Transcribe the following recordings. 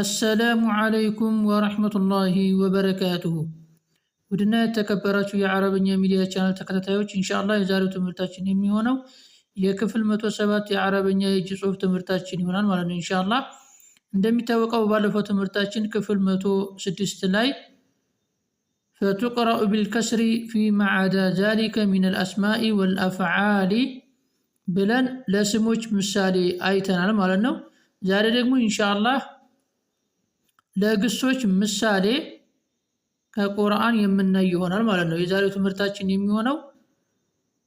አሰላሙ ዓለይኩም ወረህመቱላሂ ወበረካቱሁ። ውድና የተከበራችሁ የአረብኛ ሚዲያ ቻናል ተከታታዮች እንሻላ የዛሬው ትምህርታችን የሚሆነው የክፍል መቶ ሰባት የአረብኛ የእጅ ጽሑፍ ትምህርታችን ይሆናል ማለት ነው እንሻላ። እንደሚታወቀው ባለፈው ትምህርታችን ክፍል መቶ ስድስት ላይ ፈቱቅረኡ ቢልከስሪ ፊ ማዓዳ ዛሊከ ሚነል አስማኢ ወልአፍዓሊ ብለን ለስሞች ምሳሌ አይተናል ማለት ነው። ዛሬ ደግሞ እንሻአላህ ለግሶች ምሳሌ ከቁርአን የምናይ ይሆናል ማለት ነው። የዛሬው ትምህርታችን የሚሆነው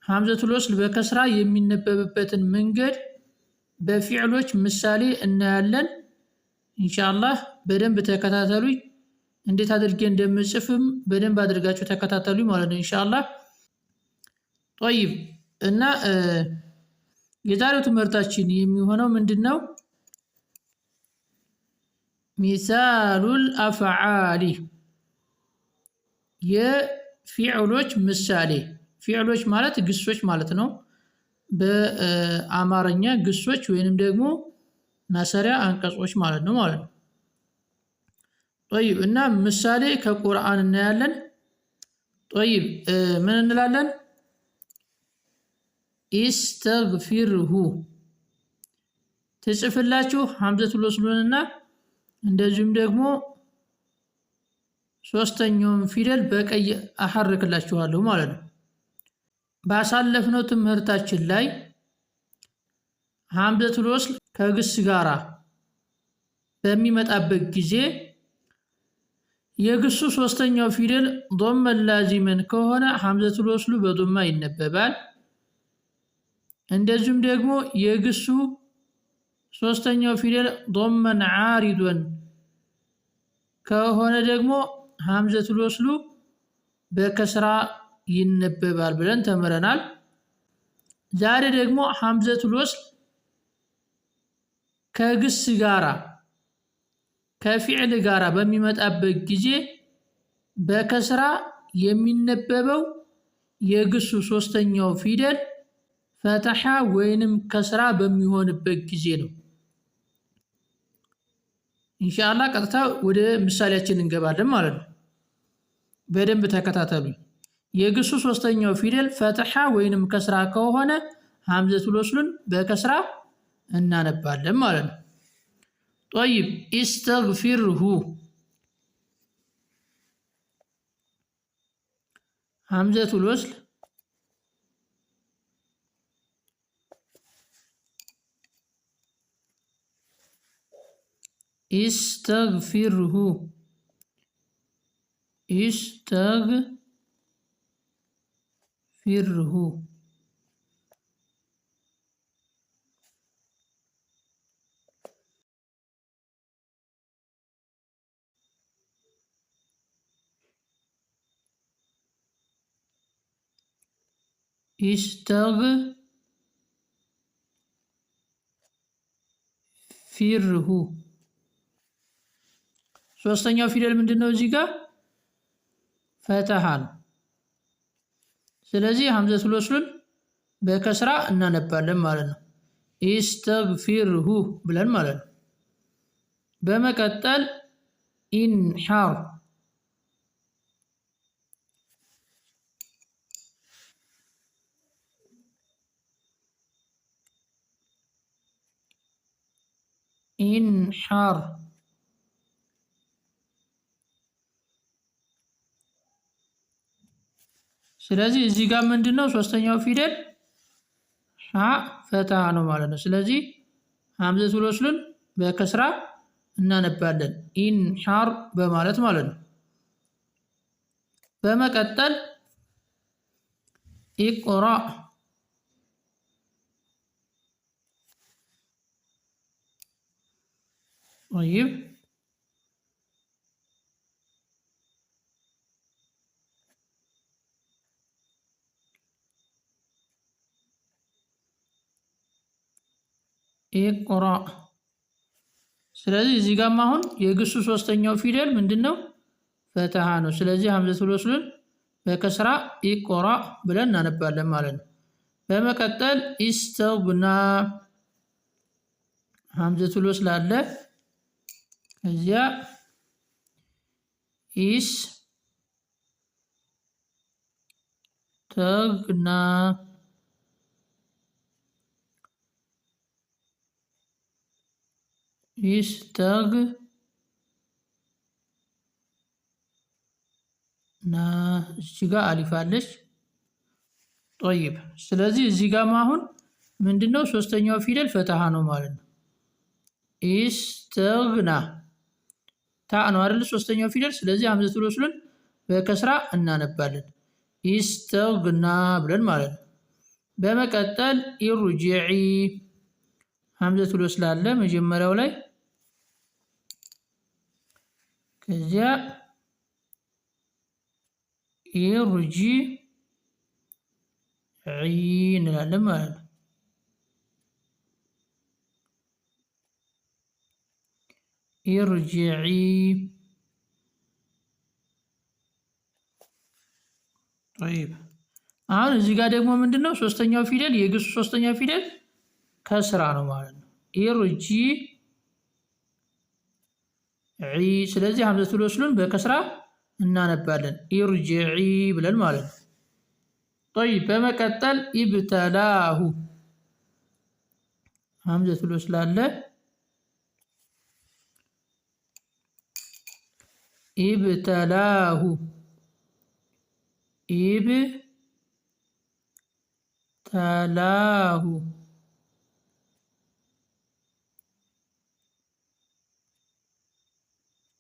ሐምዘቱል ወስል በከስራ የሚነበብበትን መንገድ በፊዕሎች ምሳሌ እናያለን። ኢንሻአላህ በደንብ ተከታተሉኝ። እንዴት አድርጌ እንደምጽፍም በደንብ አድርጋችሁ ተከታተሉኝ ማለት ነው ኢንሻአላህ። ጦይብ እና የዛሬው ትምህርታችን የሚሆነው ምንድን ነው? ሚሳሉል አፍዓሊ የፊዕሎች ምሳሌ ፊዕሎች ማለት ግሶች ማለት ነው። በአማርኛ ግሶች ወይንም ደግሞ ማሰሪያ አንቀጾች ማለት ነው ማለት ነው። ጠይብ እና ምሳሌ ከቁርአን እናያለን። ጠይብ ምን እንላለን? ኢስተግፊርሁ ትጽፍላችሁ ሐምዘቱል ወስሉንና እንደዚሁም ደግሞ ሶስተኛውን ፊደል በቀይ አሐርክላችኋለሁ ማለት ነው። ባሳለፍነው ትምህርታችን ላይ ሐምዘቱል ወስል ከግስ ጋራ በሚመጣበት ጊዜ የግሱ ሶስተኛው ፊደል ዶመን ላዚመን ከሆነ ሐምዘቱል ወስሉ በዶማ ይነበባል። እንደዚሁም ደግሞ የግሱ ሶስተኛው ፊደል ዶመን ዓሪዶን ከሆነ ደግሞ ሀምዘቱል ወስሉ በከስራ ይነበባል ብለን ተምረናል። ዛሬ ደግሞ ሀምዘቱል ወስል ከግስ ጋራ ከፊዕል ጋራ በሚመጣበት ጊዜ በከስራ የሚነበበው የግሱ ሶስተኛው ፊደል ፈተሓ ወይንም ከስራ በሚሆንበት ጊዜ ነው። እንሻላ ቀጥታ ወደ ምሳሌያችን እንገባለን ማለት ነው። በደንብ ተከታተሉ። የግሱ ሶስተኛው ፊደል ፈትሓ ወይንም ከስራ ከሆነ ሀምዘት ወስሉን በከስራ እናነባለን ማለት ነው። ጠይብ ኢስተግፊርሁ ሀምዘት ወስል استغفره استغفره استغفره ሶስተኛው ፊደል ምንድን ነው? እዚህ ጋር ፈተሃ ነው። ስለዚህ ሀምዘቱል ወስሉን በከስራ እናነባለን ማለት ነው። ኢስተግፊርሁ ብለን ማለት ነው። በመቀጠል ኢንሓር ኢንሓር ስለዚህ እዚህ ጋር ምንድን ነው ሶስተኛው ፊደል ሻ ፈትሃ ነው ማለት ነው። ስለዚህ ሀምዘቱል ወስልን በከስራ እናነባለን ኢንሻር በማለት ማለት ነው። በመቀጠል ኢቁራ ይብ ኢቅራ። ስለዚህ እዚህ ጋም አሁን የግሱ ሶስተኛው ፊደል ምንድን ነው? ፈትሃ ነው። ስለዚህ ሀምዘቱል ወስሉን በከስራ ኢቅራ ብለን እናነባለን ማለት ነው። በመቀጠል ኢስተግና ሀምዘቱል ወስል አለ። እዚያ ኢስ ተግና ይስተግና እዚህ ጋር አሊፋለች። ጦይብ ስለዚህ እዚህ ጋር አሁን ምንድነው ሶስተኛው ፊደል ፈትሃ ነው ማለት ነው። ኢስተግና ታ ነው አይደል? ሶስተኛው ፊደል ስለዚህ ሀምዘቱል ወስሉን በከስራ እናነባለን። ኢስተግና ብለን ማለት ነው። በመቀጠል ኢሩጂዒ ሀምዘቱል ወስል አለ መጀመሪያው ላይ ከዚያ ኢርጂ እንላለን ማለት ነው። ኢርጂዒ አሁን እዚህ ጋር ደግሞ ምንድነው ሶስተኛው ፊደል የግሱ ሶስተኛ ፊደል ከስራ ነው ማለት ነው። ኢርጂ ስለዚህ ሀምዘቱል ወስሉን በከስራ እናነባለን ኢርጅዒ ብለን ማለት ነው። ጠይብ በመቀጠል ኢብተላሁ ሀምዘቱል ወስል አለ። ኢብተላሁ ኢብተላሁ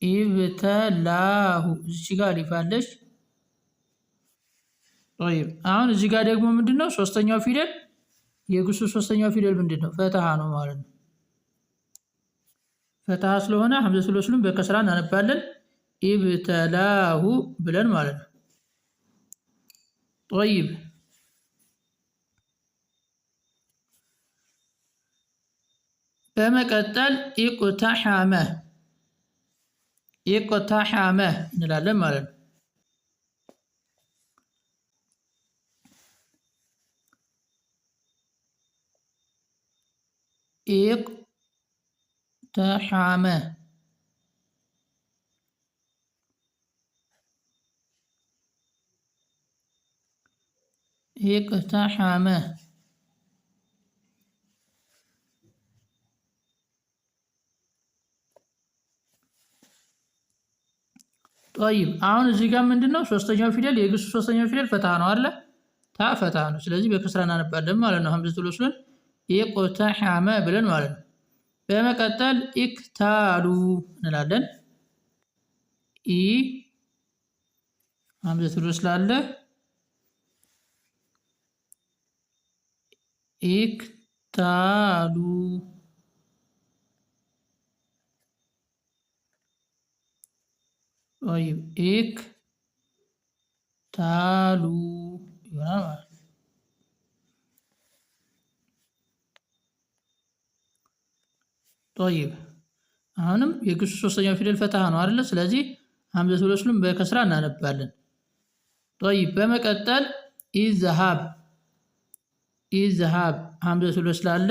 ኢብተላሁ እዚህ ጋር አሊፍ አሁን እዚህ ጋር ደግሞ ምንድን ነው ሶስተኛው ፊደል የግሱ ሶስተኛው ፊደል ምንድን ነው? ፈትሃ ነው ማለት ነው። ፈትሃ ስለሆነ ሐምዘቱል ወስሉን በከስራ እናነባለን። ኢብተላሁ ብለን ማለት ነው። ጠይብ በመቀጠል இயக்கொத்தாஹாம என்றாலும் மரன் اقتحم اقتحم ጠይብ አሁን እዚህ ጋር ምንድን ነው ሶስተኛው ፊደል የግሱ ሶስተኛው ፊደል ፈትሃ ነው አለ ታ ፈትሃ ነው። ስለዚህ በክስራ እናነባለን ማለት ነው። ሀምዘቱል ወስሉን ኢቅተሐመ ብለን ማለት ነው። በመቀጠል ኢክታሉ እንላለን። ኢ ሀምዘቱል ወስል አለ ኢክታሉ એક ታሉ ይሆናል ማለት ነው። ጦይብ አሁንም የግሱ ሶስተኛው ፊደል ፈትሃ ነው አይደለ? ስለዚህ ሀምዘቱል ወስሉን በከስራ እናነባለን። ጦይብ በመቀጠል ኢዝሃብ ኢዝሃብ ሀምዘቱል ወስል አለ።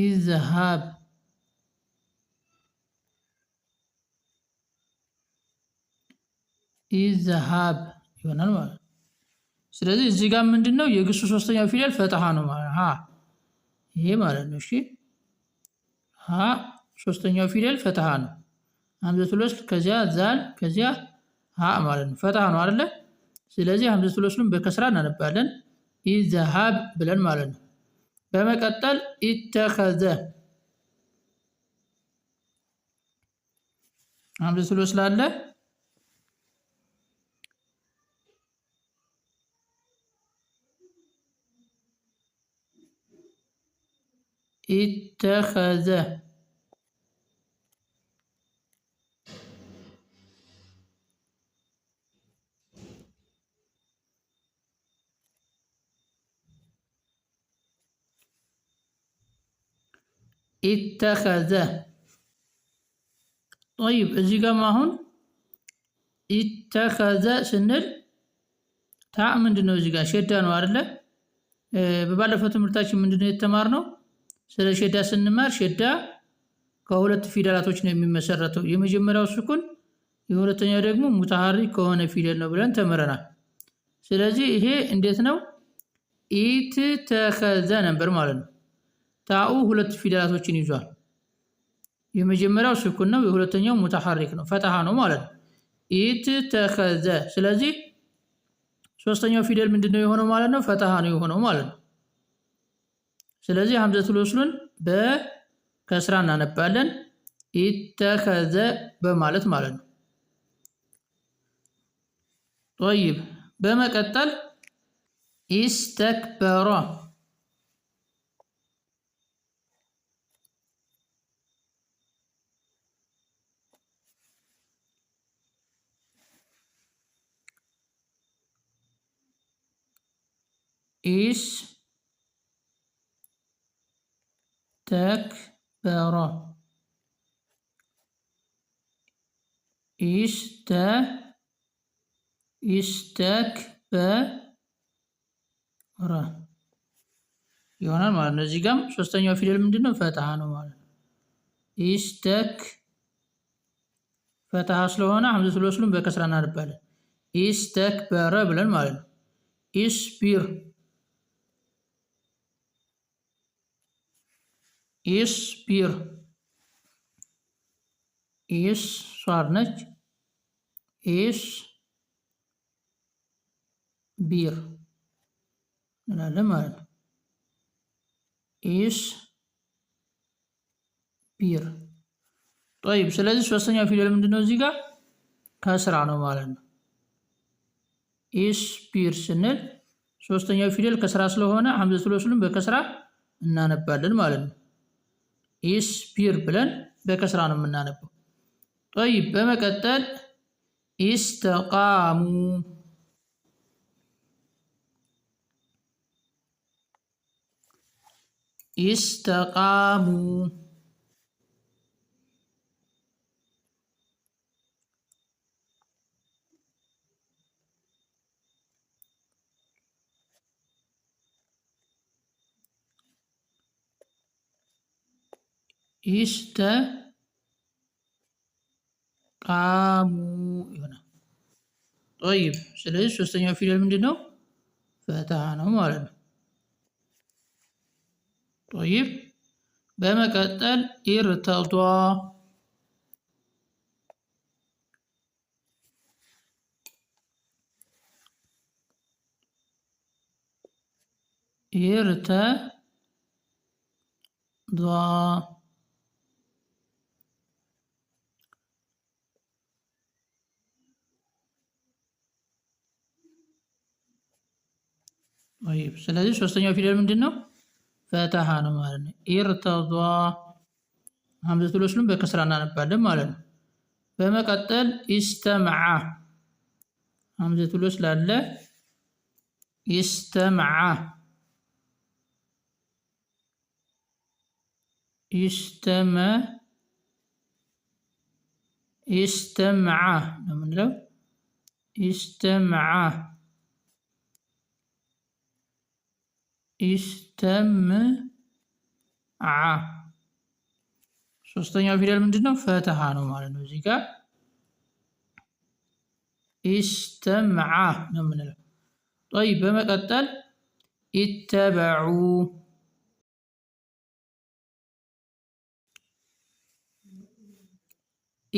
ኢዘሃብ ኢዝሃብ ይሆናል ማለት ስለዚህ እዚህ ጋር ምንድን ነው የግሱ ሶስተኛው ፊደል ፈትሃ ነው ማለት ሀ ይሄ ማለት ነው እሺ ሀ ሶስተኛው ፊደል ፈትሃ ነው ሀምዘቱል ወስል ከዚያ ዛል ከዚያ ሀ ማለት ነው ፈትሃ ነው አይደለ ስለዚህ ሀምዘቱል ወስሉን በከስራ እናነባለን ኢዝሃብ ብለን ማለት ነው بمكتل اتخذ عم بسلوس لاله اتخذ ኢተከዘ ጠይብ እዚህ ጋም አሁን ኢተከዘ ስንል ታ ምንድን ነው? እዚህ ጋር ሸዳ ነው አይደለ? በባለፈው ትምህርታችን ምንድን ነው የተማርነው? ስለ ሸዳ ስንማር ሸዳ ከሁለት ፊደላቶች ነው የሚመሰረተው። የመጀመሪያው ስኩን፣ የሁለተኛው ደግሞ ሙታሃሪ ከሆነ ፊደል ነው ብለን ተምረናል። ስለዚህ ይሄ እንዴት ነው? ኢትተከዘ ነበር ማለት ነው። ታኡ ሁለት ፊደላቶችን ይዟል። የመጀመሪያው ስኩን ነው፣ የሁለተኛው ሙተሐሪክ ነው፣ ፈትሃ ነው ማለት ነው። ኢትተኸዘ ስለዚህ ሶስተኛው ፊደል ምንድን ነው የሆነው ማለት ነው? ፈትሃ ነው የሆነው ማለት ነው። ስለዚህ ሀምዘቱል ወስሉን በከስራ እናነባለን ኢተከዘ በማለት ማለት ነው። ጠይብ በመቀጠል ኢስተክበሯ? ኢስተክበረ ኢስተ ኢስተክበረ ይሆናል ማለት ነው። እዚህ ጋም ሶስተኛው ፊደል ምንድን ነው? ፈትሃ ነው ማለት ነው። ኢስተክ ፈትሃ ስለሆነ ሐምዘቱል ወስሉን በከስራ እናነባለን። ኢስተክበረ ብለን ማለት ነው። ኢስቢር ኢስ ቢር ኢስ ሷር ነች። ኢስ ቢር እንላለን ማለት ነው። ኢስ ቢር ጦይብ። ስለዚህ ሶስተኛው ፊደል ምንድን ነው? እዚህ ጋር ከስራ ነው ማለት ነው። ኢስ ቢር ስንል ሶስተኛው ፊደል ከስራ ስለሆነ ሐምዘቱል ወስሉን በከስራ እናነባለን ማለት ነው። ኢስቢር ብለን በከስራ ነው የምናነበው። ይ በመቀጠል ኢስተቃሙ ኢስተቃሙ İşte قامون طيب ስለዚህ ሶስተኛው ፊደል ምንድን ነው? ፈትሐ ነው ማለት ነው። طيب በመቀጠል ኢርተዷ ኢርተዷ طيب سلازيش وستنيو في ديال دينو فتاها نمارن ارتضا همزة الوسلم بكسرانا نبال مالن فما قتل استمع همزة الوسلم استمع استمع استمع استمع, استمع. ኢስተምዓ ሶስተኛው ፊደል ምንድን ነው? ፈትሃ ነው ማለት ነው። እዚህ ጋር ኢስተምዓ ነው የምንለው። ይ በመቀጠል ኢተበዑ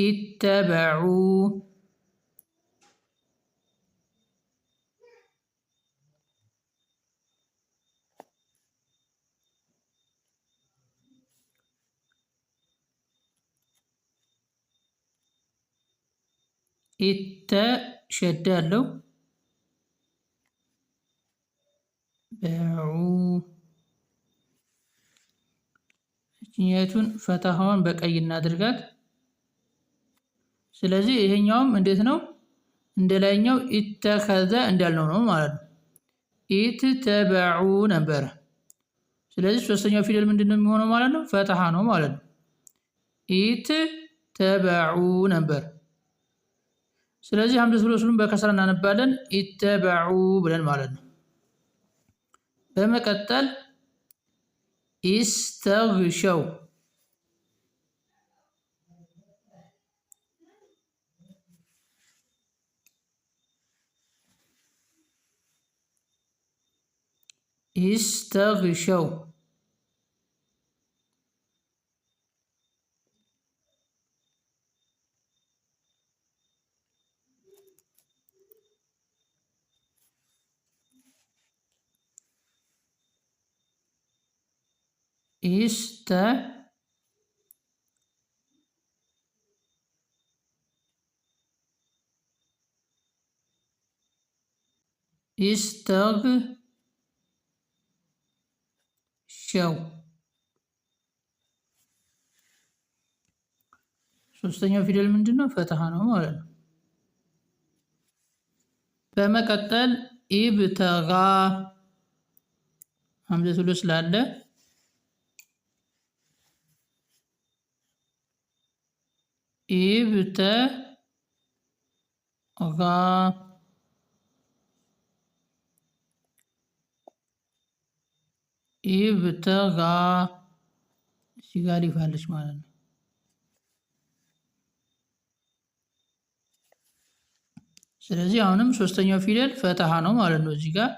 ኢተበዑ ኢተሸዳ ያለው በዑ እችኛቱን ፈታሃዋን በቀይ እናድርጋት። ስለዚህ ይሄኛውም እንዴት ነው? እንደ ላይኛው ኢተከዘ እንዳልነው ነው ማለት ነው። ኢትተበዑ ነበረ። ስለዚህ ሶስተኛው ፊደል ምንድን ነው የሚሆነው ማለት ነው? ፈታሃ ነው ማለት ነው። ኢትተበዑ ነበር። ስለዚህ ሀምዘቱል ወስሉን በከስራ እናነባለን ኢተበዑ ብለን ማለት ነው። በመቀጠል ኢስተግሸው ኢስተግሸው işte istag show. ሶስተኛው ፊደል ምንድን ነው? ፈትሃ ነው ማለት ነው። በመቀጠል ኢብተጋ ሀምዘቱል ስላለ ኢብተ ጋ ኢብተጋ እዚህ ጋር ይፋለች ማለት ነው። ስለዚህ አሁንም ሶስተኛው ፊደል ፈተሃ ነው ማለት ነው። እዚህ ጋር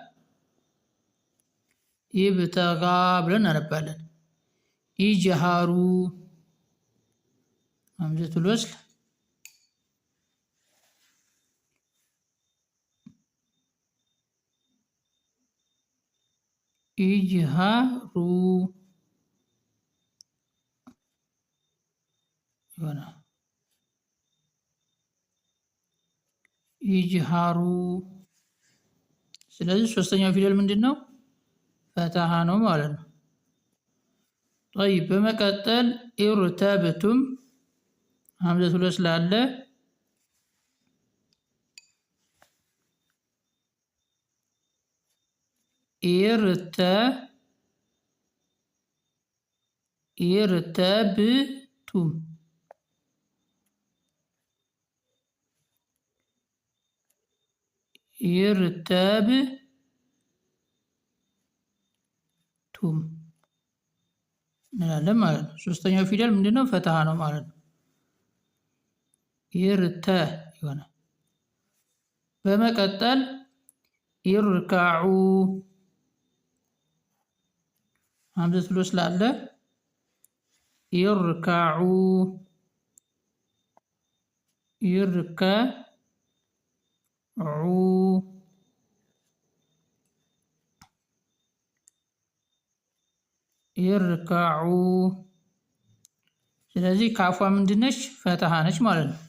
ብተጋ ብለን እናነባለን። ኢጀሃሩ همزة الوصل اجهروا ይሆናል ይጅሃሩ ስለዚህ ሶስተኛው ፊደል ምንድን ነው ፈትሃ ነው ማለት ነው ጠይብ በመቀጠል ኢርተብቱም ሀምዘት ሁለት ስላለ ኢርተ ኢርተብቱም ኢርተብቱም እንላለን ማለት ነው። ሶስተኛው ፊደል ምንድነው? ፈትሃ ነው ማለት ነው። ይርተ የሆነ በመቀጠል ይርካዑ ሀምዘት ብሎ ስላለ ይርካዑ ይርከዑ ይርካዑ። ስለዚህ ካፏ ምንድነች? ፈትሃ ነች ማለት ነው።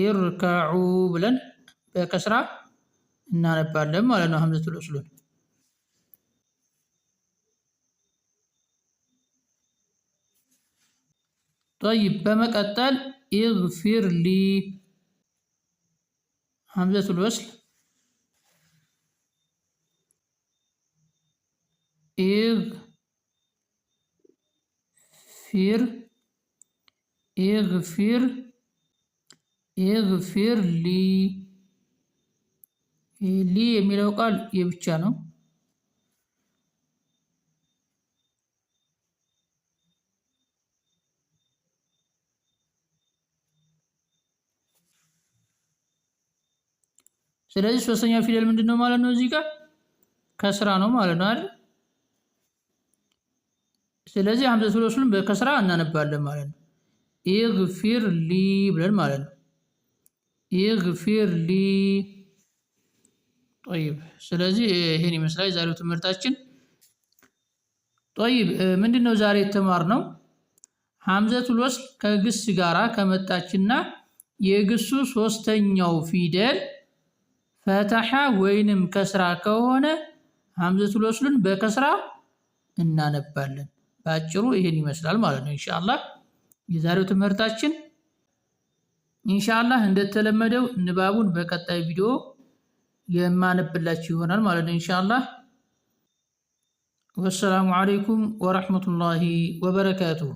ይርከዑ ብለን በከስራ እናነባለን ማለት ነው። ሀምዘቱል ኡስሉን ጠይብ። በመቀጠል ኢግፊር ሊ ሀምዘቱል ወስል ኢግፊር ኢግፊር ኢግፊር ሊ ሊ የሚለው ቃል የብቻ ነው። ስለዚህ ሶስተኛ ፊደል ምንድን ነው ማለት ነው? እዚህ ጋር ከስራ ነው ማለት ነው አይደል? ስለዚህ ሀምዘቱል ወስሉን በከስራ እናነባለን ማለት ነው። ኢግፊር ሊ ብለን ማለት ነው። ይግፊር ሊ ጦይብ። ስለዚህ ይህን ይመስላል የዛሬው ትምህርታችን። ጦይብ ምንድን ነው ዛሬ የተማርነው? ሐምዘቱል ወስል ከግስ ጋራ ከመጣችና የግሱ ሶስተኛው ፊደል ፈተሓ ወይንም ከስራ ከሆነ ሐምዘቱል ወስሉን በከስራ እናነባለን። በአጭሩ ይህን ይመስላል ማለት ነው። ኢንሻአላህ የዛሬው ትምህርታችን ኢንሻአላህ እንደተለመደው ንባቡን በቀጣይ ቪዲዮ የማነብላችሁ ይሆናል ማለት ነው ኢንሻአላህ። ወሰላሙ አለይኩም ወራህመቱላሂ ወበረካቱሁ።